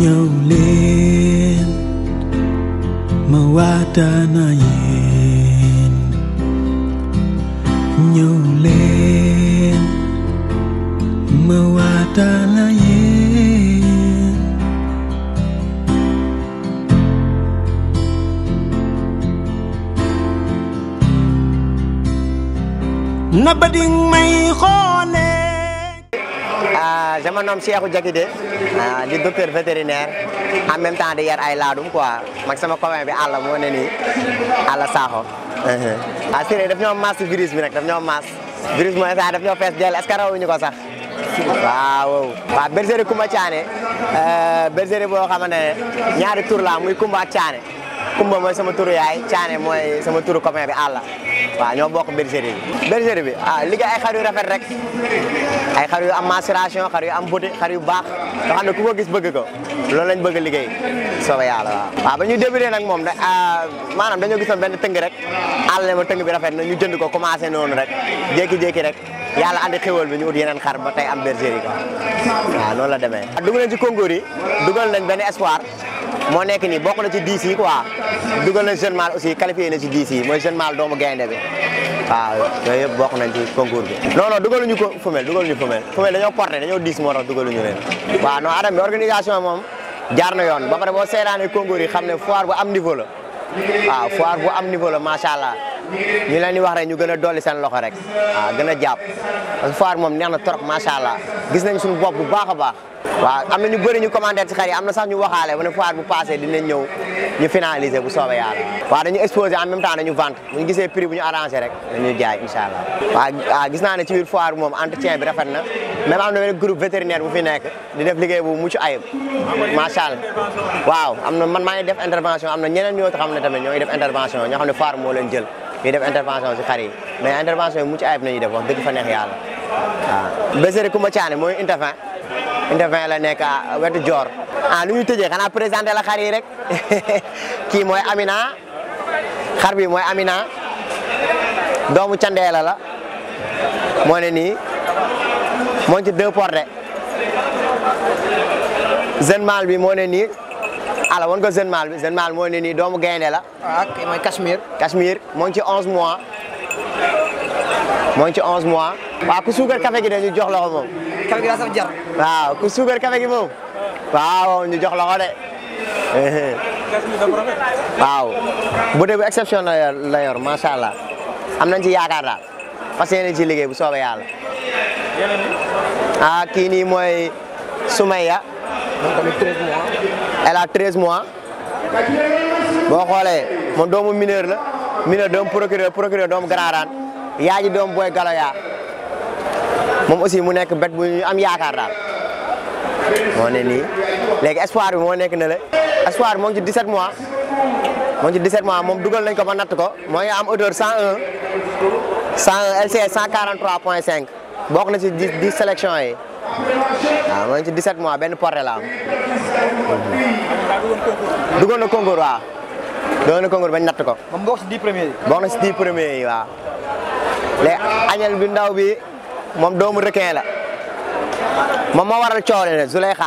nhau lên mawata na yen nhau lên ta mawata na yen na mày may nè. Euh, je me nomme Cheikhou Diakité euh, di docteur vétérinaire en même temps di yar ay laadum quoi mag sama copain bi àll moo ne nii àll saaxo uh-huh. ah Siré daf ñoo maas si virus bi ñoo maas virus mooy sax daf ñoo fees jël est-ce que ko sax waaw waaw Kumba Thiané euh, bergerie boo xamante ne ñaari tur muy Kumba ak Kumba moy sama turu yaay Thiané moy sama turu copain bi ala wa ñoo bok bergerie bergerie bi ah liga ay eh, xaru rafet rek ay xaru yu am maceration xaru yu am beauté xaru yu baax nga xam ne ku ko gis bëgg ko loolu lañ bëgg liggéey sama yaala wa waaw ba ñu débuté nak mom da maanaam dañoo gisoon benn teung rek àll ma teung bi rafet na ñu jënd ko commencé nonu rek jéki jéki rek yàlla ya, andi xéwal bi ñu ut yenen xar ba tay am bergerie ko wa ah, loolu la démé dugul nañ ci congori dugul dugal nañ benn espoir moo nekk ni bokk na ci diis yi quoi dugal na jeune mâle aussi qualifié na ci diis yi mooy jeune mâle doomu gaynde bi waaw yooyu yëpp bokk nañ ci concours bi non non dugaluñu ko femelle dugaluñu femelle femelle dañoo porté dañoo diis moo tax dugaluñu leen waaw moom jaar na yoon ba pare boo seeraanee concours yi xam ne foire bu am niveau la waaw foire bu am niveau la ñu la di wax rek ñu gën a dolli seen loxo rek waaw ah, gën a jàpp parce que foire moom na trop macha allah gis nañ suñu bopp bu baax a baax waaw am na ñu bëri ñu commandé ci xar am na sax ñu waxaale wane foire bu passé dinañ ñëw ñu finaliser bu soobe yàlla wa dañu exposer en même temps dañu vente bu ñu gisee prix bu ñu arrangé rek dañu jaay inshallah wa gis na ne ci biir foire mom entretien bi rafet na même amna na groupe vétérinaire bu fi nek di def liggéey bu muccu ayib macha allah waaw amna man ma ngi def intervention amna ñeneen ñoo xamne ne tamit ñoo def intervention ñoo xamne foire mo leen jël ñi def intervention ci xari mais intervention yi mucc ayib nañu def wax deug fa neex yàlla waaw Bésiré kuma Thiané moy intervention unité la nekk à euh, wetu Dior. ah lu ñu tëjee xanaa présenté la xar yi rek kii mooy Amina xar bi mooy Amina doomu candeela la moo ne nii moo ci deux portes jeune mâle bi moo ne nii ala woon ko jeune mâle bi jeune mâle ne nii doomu gaynde la. Ah, kii mooy Cachemire. Cachemire moo ngi ci 11 mois moo ngi ci mois. waaw ku suukar café gi de ñu jox la ko moom. café gi daa ku suukar café gi moom waaw ñu jox la de. waaw bu dee bu exception la yor macha allah am nañ ci yaakaar daal parce que yéen ci liggéey bu soobee yàlla. ah kii nii moy Soumeya. moom tamit 13 mois. boo xoolee moom doomu mineur la mineur doomu procureur procureur doomu Grand Rane yaa ji doomu booy Galoya. mom aussi mu nek bet bu am yaakar dal mo ne ni leg espoir mo nek na la espoir mo ngi 17 mois mo ngi 17 mois mom duggal nañ ko ba nat ko mo ngi am hauteur 101 100 Lc 143.5 bok na ci 10 10 sélection yi ah mo ngi 17 mois ben porté la am mhm. duggal na concours wa do na concours bañ nat ko. mom bok ci 10 premier bok na ci 10 premier wa waaw añal bi ndaw bi. moom doomu requin la moom ma waral coow la Zuleyxa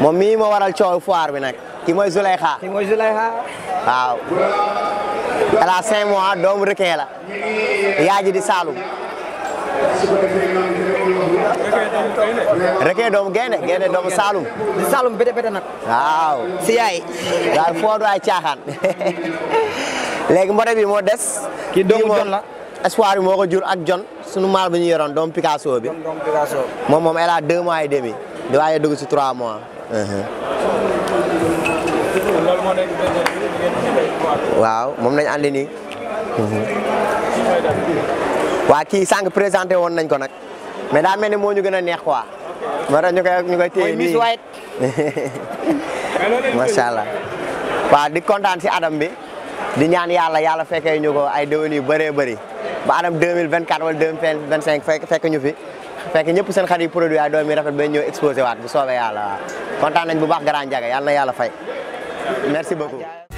moom mii ma waral coow foire bi nag ki mooy Zuleyxa. ki mooy Zuleyxa. cinq mois doomu requin la yaa ji di Saalum. rekkee doomu gaynde gaynde doomu Saalum. di Saalum bete bete nag. waaw. si yaay. daal foo doy caaxaan léegi mbote bi moo des. kii doomu Jon la. espoir bi ko jur ak John sunu mal bi ñu yoron dom Picasso bi. dom Picasso mom mom elle a 2 mois et demi di waye dug ci 3 mois. Uh-huh. waaw mom nañ andi ni uh-huh. wa ki sang présenté won nañ ko nak mais da melni mo ñu gëna neex quoi. ma ra ñu koy ñu koy téye nii allah. di contane si Adam bi. di ñaan yàlla yàlla fekkee ñu ko ay déwén yu bëree bëri ba anam 2024 wala 2025 fekk fekk ñu fi fekk ñëpp seen xarit produit ay doom rafet ba ñëw exposé waat bu soobee yàlla waaw kontaan nañ bu baax Grand Ndiaga yàlla na merci beaucoup